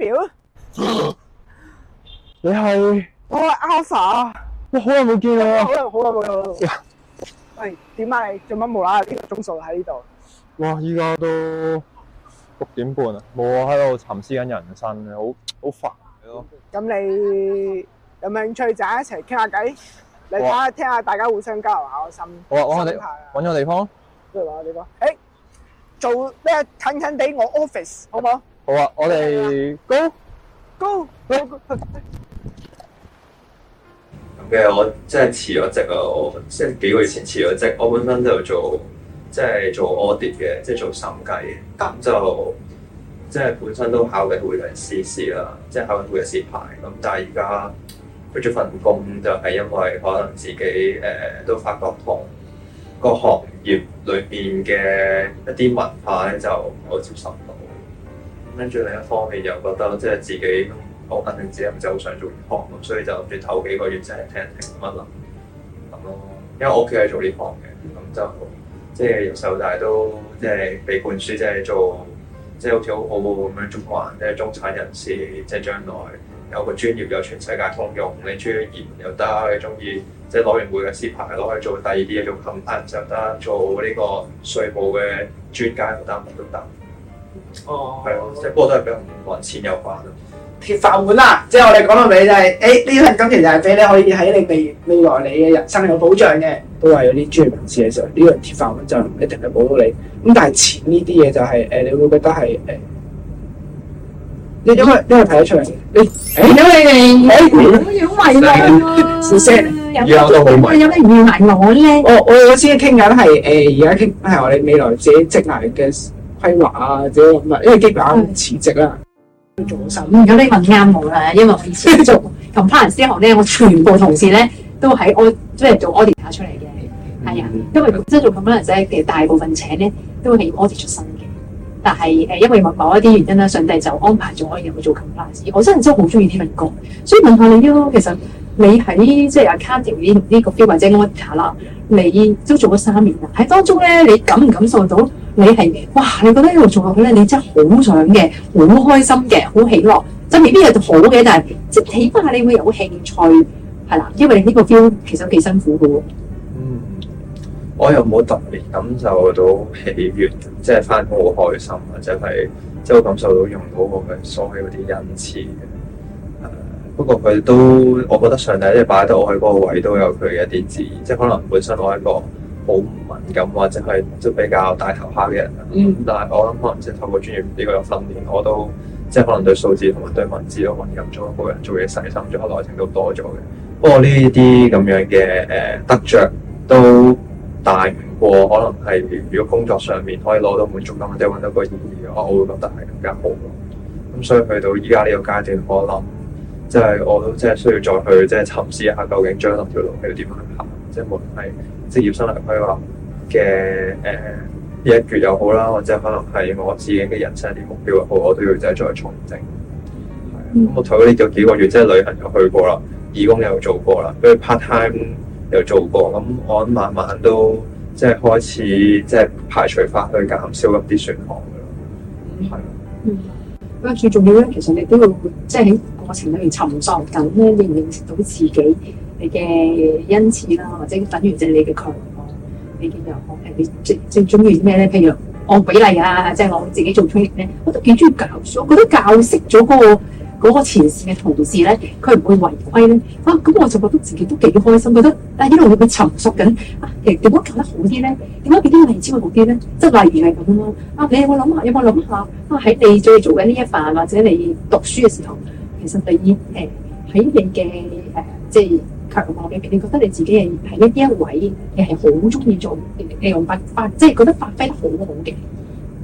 表，你係我係 Alpha，哇，好耐冇見你啦，好耐好耐冇見啦，喂，點解你做乜無啦啦呢個鐘數喺呢度？哇依家都六點半啊，我喺度沉思緊人生，好好煩。咁你有冇興趣就一齊傾下偈？你睇下聽下，大家互相交流下心。好啊，搵個地搵個地方，不如搵個地方。誒，做咩近近地我 office 好唔好？好啊！我哋 go go go。咁嘅我即係辭咗職啊！我即係幾個月前辭咗職。我本身都有做就是、做即係、就是、做 audit 嘅，即係做審計咁就即係、就是、本身都考緊會計師啦，即係考緊會計師牌。咁但係而家搵咗份工，就係、是、因為可能自己誒、呃、都發覺同個行業裏邊嘅一啲文化咧，就唔好接受到。跟住另一方面，又覺得即係自己好肯定自己唔想做業行，咁所以就諗住唞幾個月，即、就、係、是、聽聽乜諗諗咯。因為我屋企係做呢行嘅，咁就即係、就是、由細到大都即係、就是、被灌輸，即、就、係、是、做即係、就是、好似好好咁樣中環，即係中產人士，即、就、係、是、將來有個專業有全世界通用，你中意業又得，你中意即係攞完會嘅師牌攞去做第二啲一種級，得就得做呢個稅務嘅專家，得都得？哦，係咯，即係不過都係俾人揾錢有關咯。鐵飯碗啦、啊，即係我哋講到尾就係、是，誒呢份金其實係俾你可以喺你未未來你嘅人生有保障嘅。都係有啲專業人士，事實上呢個鐵飯碗就唔一定係保到你。咁但係錢呢啲嘢就係，誒你會覺得係，誒你因為因為睇得出嚟，你你因為誒好妖迷啊，謝謝 spe jähr bracket。有啲有啲妖迷嘅，我我、呃、我先傾緊係，誒而家傾係我哋未來自己職業嘅。規劃啊，或者咁啊，因為基本上辭職啦，嗯、做咗三年。咁你、嗯、問啱我啦，因為我以前做 compliance 咧， 我全部同事咧都喺我即係做 auditor 出嚟嘅，係啊、嗯，的因為真做 compliance 咧，其實大部分請咧都係要 audit 出身嘅。但係誒，因為某一啲原因啦，上帝就安排咗我入去做 compliance，我真係真係好中意呢份工，所以問下你都，其實你喺即係 accountant 呢個 field 或者 auditor 啦，你都做咗三年啦。喺當中咧，你感唔感受到？你係哇！你覺得一路做落去咧，你真係好想嘅，好開心嘅，好喜樂。即未必嘢就好嘅，但係即起碼你會有興趣，係啦。因為你呢個 feel 其實幾辛苦嘅。嗯，我又冇特別感受到喜悅，即係翻工好開心，或者係即係感受到用到佢所有啲恩賜嘅。不過佢都，我覺得上帝即係擺得我去嗰個位，都有佢嘅一啲自然，即係可能本身我一個。好敏感或者係即係比較大頭蝦嘅人，嗯、但係我諗可能即係透過專業呢個訓練，我都即係可能對數字同埋對文字都敏感咗，個人做嘢細心咗，耐情都多咗嘅。不過呢啲咁樣嘅誒、呃、得着都大唔過，可能係如果工作上面可以攞到滿足感或者搵到個意義，我我會覺得係更加好咯。咁、嗯、所以去到依家呢個階段，我諗即係我都即係需要再去即係沉思一下，究竟將來條路要點樣行？即係無論係。職業生涯規劃嘅呢一月又好啦，或者可能係我自己嘅人生一啲目標，又好，我都要再重整。咁、嗯、我除咗呢個幾個月即係旅行又去過啦，義工又做過啦，跟住 part time 又做過，咁我慢慢都即係開始即係排除法去減少一啲選項咯。係、嗯，嗯，咁最重要咧，其實你都會即係喺過程裏面沉著緊咧，認唔認識到自己？你嘅恩賜啦，或者等於就係你嘅強項，你嘅又好。你最最中意咩咧？譬如按比例啊，即係我自己做推力咧，我都幾中意教書。我覺得教識咗嗰、嗰個嗰個前線嘅同事咧，佢唔會違規咧。啊，咁我就覺得自己都幾開心。覺得但係一路會唔會沉熟緊？啊，點點解教得好啲咧？點解俾啲例子會好啲咧？即係例如係咁咯。啊，你有冇諗下？有冇諗下？啊，喺你最做緊呢一份，或者你讀書嘅時候，其實第二誒喺你嘅誒、呃、即係。強項嘅，你覺得你自己係係呢啲一位你，你係好中意做嘅嘢，用發發即係、就是、覺得發揮得好好嘅、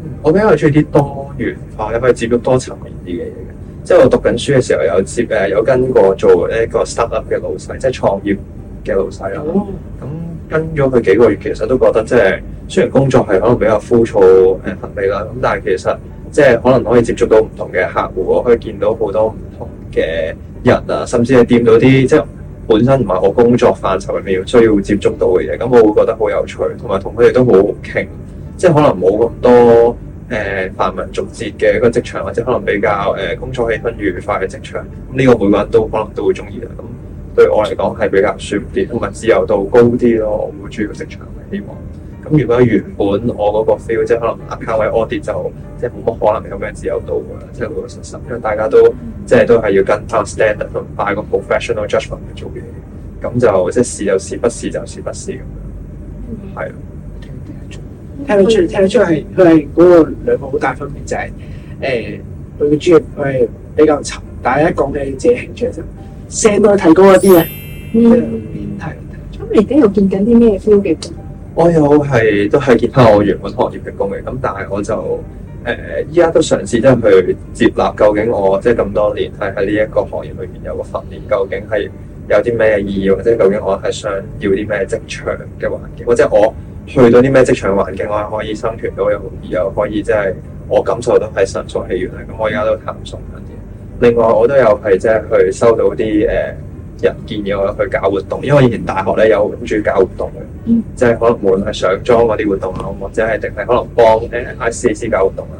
嗯。我比較中意啲多元化，又可以接觸多層面啲嘅嘢嘅。即係我讀緊書嘅時候，有接誒有跟過做一個 startup 嘅老細，即係創業嘅老細啦、啊。咁、嗯、跟咗佢幾個月，其實都覺得即係雖然工作係可能比較枯燥誒乏味啦，咁、嗯、但係其實即係可能可以接觸到唔同嘅客戶，可以見到好多唔同嘅人啊，甚至係掂到啲即係。本身唔係我工作範疇入面要需要接觸到嘅嘢，咁我會覺得好有趣，同埋同佢哋都好傾，即係可能冇咁多誒繁文縟節嘅一個職場，或者可能比較誒、呃、工作氣氛愉快嘅職場，咁、這、呢個每個人都可能都會鍾意啦。咁對我嚟講係比較舒服啲，同埋自由度高啲咯，我會鍾意個職場嘅希望。咁、嗯、如果原本我嗰個 feel，即係可能阿卡 c o u n t 位安跌，就即係冇乜可能有咩自由度啊，即係嗰個實質，因為大家都即係都係要跟翻 stander 同拜個 professional j u d g m e n t 去做嘢，咁就即係試就試，不試就試不試咁樣。係啊，嗯、的聽得出，聽得出係佢係嗰個兩個好大分別、就是，就係誒佢嘅專業係比較沉，但係一講起自己興趣就成可以提高一啲啊、嗯。嗯，邊提，咁而家又見緊啲咩 feel 嘅？我又係都係見翻我原本行業嘅工嘅，咁但係我就誒依家都嘗試即係去接納，究竟我即係咁多年喺呢一個行業裏邊有個訓練，究竟係有啲咩意義，或者究竟我係想要啲咩職場嘅環境，或者我去到啲咩職場環境，我係可以生存到又又可以即係我感受到係神速氣源啊！咁我依家都探索緊嗰啲。另外我都有係即係去收到啲誒。呃人建議我去搞活動，因為以前大學咧有諗住搞活動嘅，嗯、即係可能無論係上妝嗰啲活動啊，或者係定係可能幫誒阿 C C 搞活動啊，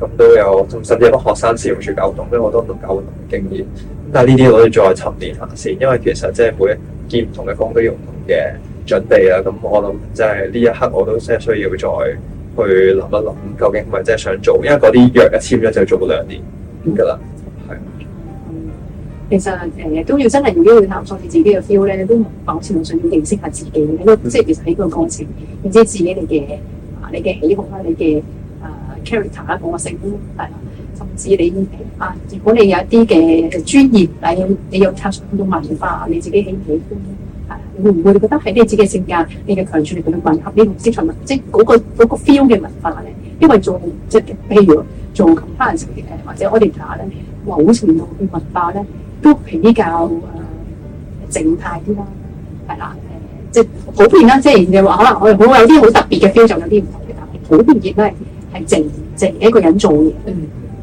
咁都有，甚至有啲學生事用住搞活動咧，因為我都有搞活動經驗。咁但係呢啲我哋再沉澱下先，因為其實即係每一見唔同嘅方都要唔同嘅準備啊。咁我諗即係呢一刻我都即係需要再去諗一諗，究竟係咪真係想做？因為嗰啲約一簽咗就要做兩年，噶啦、嗯。嗯其實誒、呃、都要真係如果去探索你自己嘅 feel 咧，都某程度上要認識下自己喺、嗯、個即係其實喺個過程，唔知自己哋嘅啊你嘅喜好啦，你嘅 char 啊 character 啦，個性格，甚至你啊，如果你有一啲嘅專業，你有你有探索到文化，你自己喜唔喜歡？係、啊、會唔會覺得係你自己嘅性格，你嘅強處嚟同混合呢個色彩文即係嗰個 feel 嘅文化咧、那個那個？因為做即係譬如做吉他人成誒，或者 auditor 咧某程度嘅文化咧。呢都比較誒靜態啲啦，係啦，誒即係普遍啦，即係你話可能我係有啲好特別嘅 feel，就有啲唔同嘅，但係普遍亦都係靜靜嘅一個人做嘢，嗯，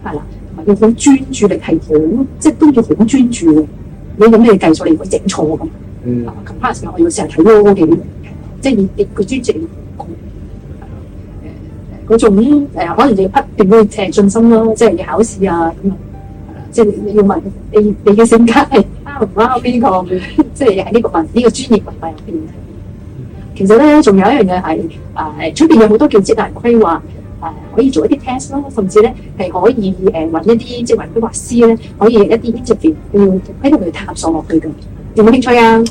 係啦，同埋要好專注力係好，即係都要好專注你咁嘅計數，你唔會整錯咁。嗯，咁 part、啊、我要成日睇多啲嘅，即係你你佢專注力好高，係咯，誒誒，嗰種可能要不斷去提進心咯，即係要考試啊咁。嗯即係你要問你你嘅性格係啱唔啱邊個？即係喺呢個範呢個專業範圍入邊咧。其實咧，仲有一樣嘢係誒，出邊有好多叫職業規劃誒，可以做一啲 test 咯，甚至咧係可以誒揾一啲職業規劃師咧，可以一啲 interview 喺度嚟探索落去嘅。有冇興趣啊？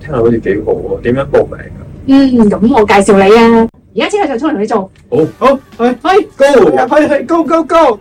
聽落好似幾好喎，點樣報名啊？嗯，咁我介紹你啊，而家即係就出嚟同你做。好，好，去，去，Go，去，去，Go，Go，Go。